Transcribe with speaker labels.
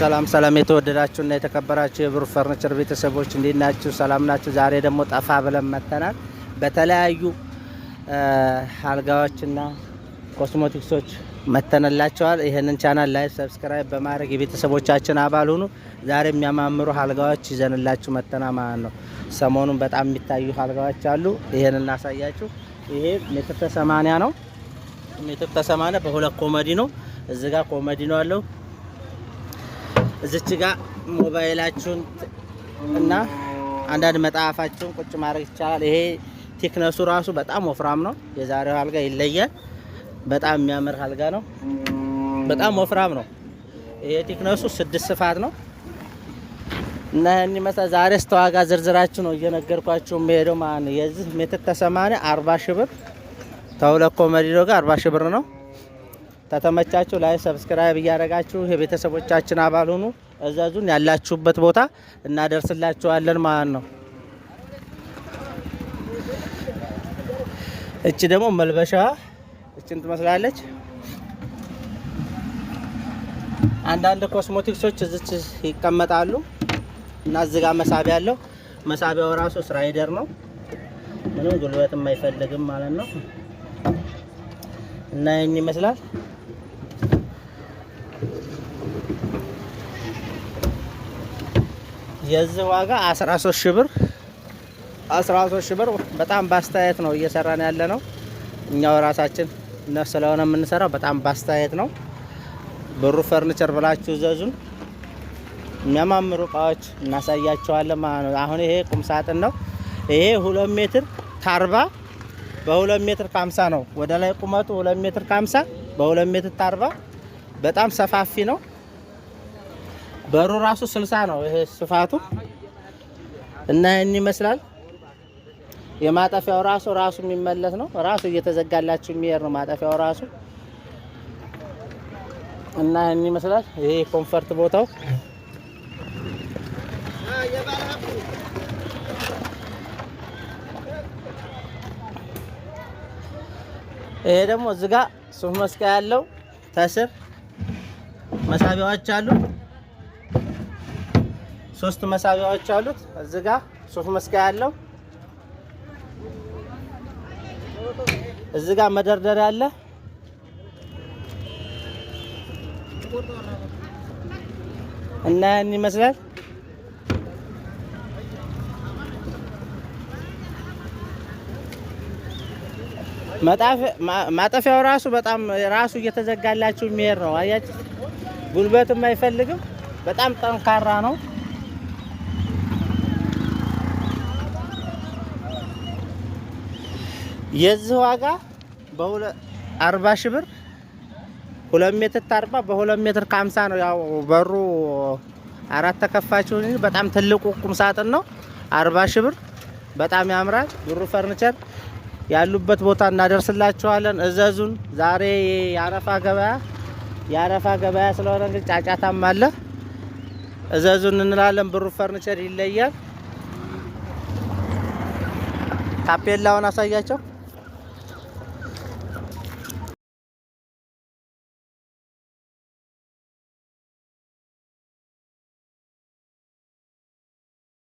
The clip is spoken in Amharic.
Speaker 1: ሰላም ሰላም የተወደዳችሁና የተከበራችሁ የብሩ ፈርኒቸር ቤተሰቦች እንዴት ናችሁ? ሰላም ናችሁ? ዛሬ ደግሞ ጠፋ ብለን መጥተናል። በተለያዩ አልጋዎችና ኮስሞቲክሶች መተንላቸዋል። ይህንን ቻናል ላይ ሰብስክራይብ በማድረግ የቤተሰቦቻችን አባል ሁኑ። ዛሬ የሚያማምሩ አልጋዎች ይዘንላችሁ መተና ማለት ነው። ሰሞኑን በጣም የሚታዩ አልጋዎች አሉ። ይህን እናሳያችሁ። ይሄ ሜትር ተሰማኒያ ነው። ሜትር ተሰማኒያ በሁለት ኮመዲ ነው። እዚጋ ጋር ኮመዲ ነው አለው እዚች ጋር ሞባይላችሁን እና አንዳንድ መጽሐፋችሁን ቁጭ ማድረግ ይቻላል። ይሄ ቴክነሱ ራሱ በጣም ወፍራም ነው። የዛሬው አልጋ ይለያል። በጣም የሚያምር አልጋ ነው። በጣም ወፍራም ነው። ይሄ ቴክነሱ ስድስት ስፋት ነው እና ይህን ይመስላል። ዛሬ ስተዋጋ ዝርዝራችሁ ነው እየነገርኳችሁ የምሄደው ማለት ነው። የዚህ ሜትር ተሰማኒ አርባ ሺህ ብር ተውለኮ መዲዶ ጋር አርባ ሺህ ብር ነው። ተተመቻችሁ ላይ ሰብስክራይብ እያደረጋችሁ የቤተሰቦቻችን አባል ሁኑ። እዘዙን፣ ያላችሁበት ቦታ እናደርስላችኋለን ማለት ነው። እቺ ደግሞ መልበሻ እችን ትመስላለች። አንዳንድ ኮስሞቲክሶች እዚች ይቀመጣሉ እና እዚጋ መሳቢያ አለው። መሳቢያው ራሱ ስራይደር ነው። ምንም ጉልበትም አይፈልግም ማለት ነው እና ይህን ይመስላል። የዚህ ዋጋ 13 ሺህ ብር 13 ሺህ ብር በጣም ባስተያየት ነው እየሰራን ያለ ነው። እኛው ራሳችን ስለሆነ የምንሰራው በጣም ባስተያየት ነው። ብሩ ፈርኒቸር ብላችሁ ዘዙን። የሚያማምሩ እቃዎች እናሳያቸዋለን ማለት ነው። አሁን ይሄ ቁም ሳጥን ነው። ይሄ ሁለት ሜትር ታርባ በሁለት ሜትር ካምሳ ነው ወደ ላይ ቁመቱ ሁለት ሜትር ካምሳ በሁለት ሜትር ታርባ በጣም ሰፋፊ ነው። በሩ ራሱ ስልሳ ነው ይሄ ስፋቱ እና ይህን ይመስላል። የማጠፊያው ራሱ ራሱ የሚመለስ ነው። ራሱ እየተዘጋላችሁ የሚሄድ ነው ማጠፊያው ራሱ እና ይህን ይመስላል። ይሄ ኮንፈርት ቦታው ይሄ ደግሞ እዚህ ጋ ሱፍ መስቀያ ያለው ተስር መሳቢያዎች አሉ። ሶስት መሳቢያዎች አሉት። እዚህ ጋር ሱፍ መስቀያ ያለው እዚህ ጋር መደርደሪያ አለ። እና ያን ይመስላል። ማጠፊያው ራሱ በጣም ራሱ እየተዘጋላችሁ የሚሄድ ነው። አያችሁ፣ ጉልበትም አይፈልግም። በጣም ጠንካራ ነው። የዚህ ዋጋ በ40 ሺህ ብር ሁለት ሜትር ታርባ በሁለት ሜትር ከሀምሳ ነው። ያው በሩ አራት ተከፋችሁ በጣም ትልቁ ቁም ሳጥን ነው። አርባ ሺህ ብር በጣም ያምራል። ብሩ ፈርኒቸር ያሉበት ቦታ እናደርስላችኋለን። እዘዙን። ዛሬ የአረፋ ገበያ የአረፋ ገበያ ስለሆነ እንግዲህ ጫጫታም አለ። እዘዙን እንላለን። ብሩ ፈርኒቸር ይለያል። ታፔላውን አሳያቸው።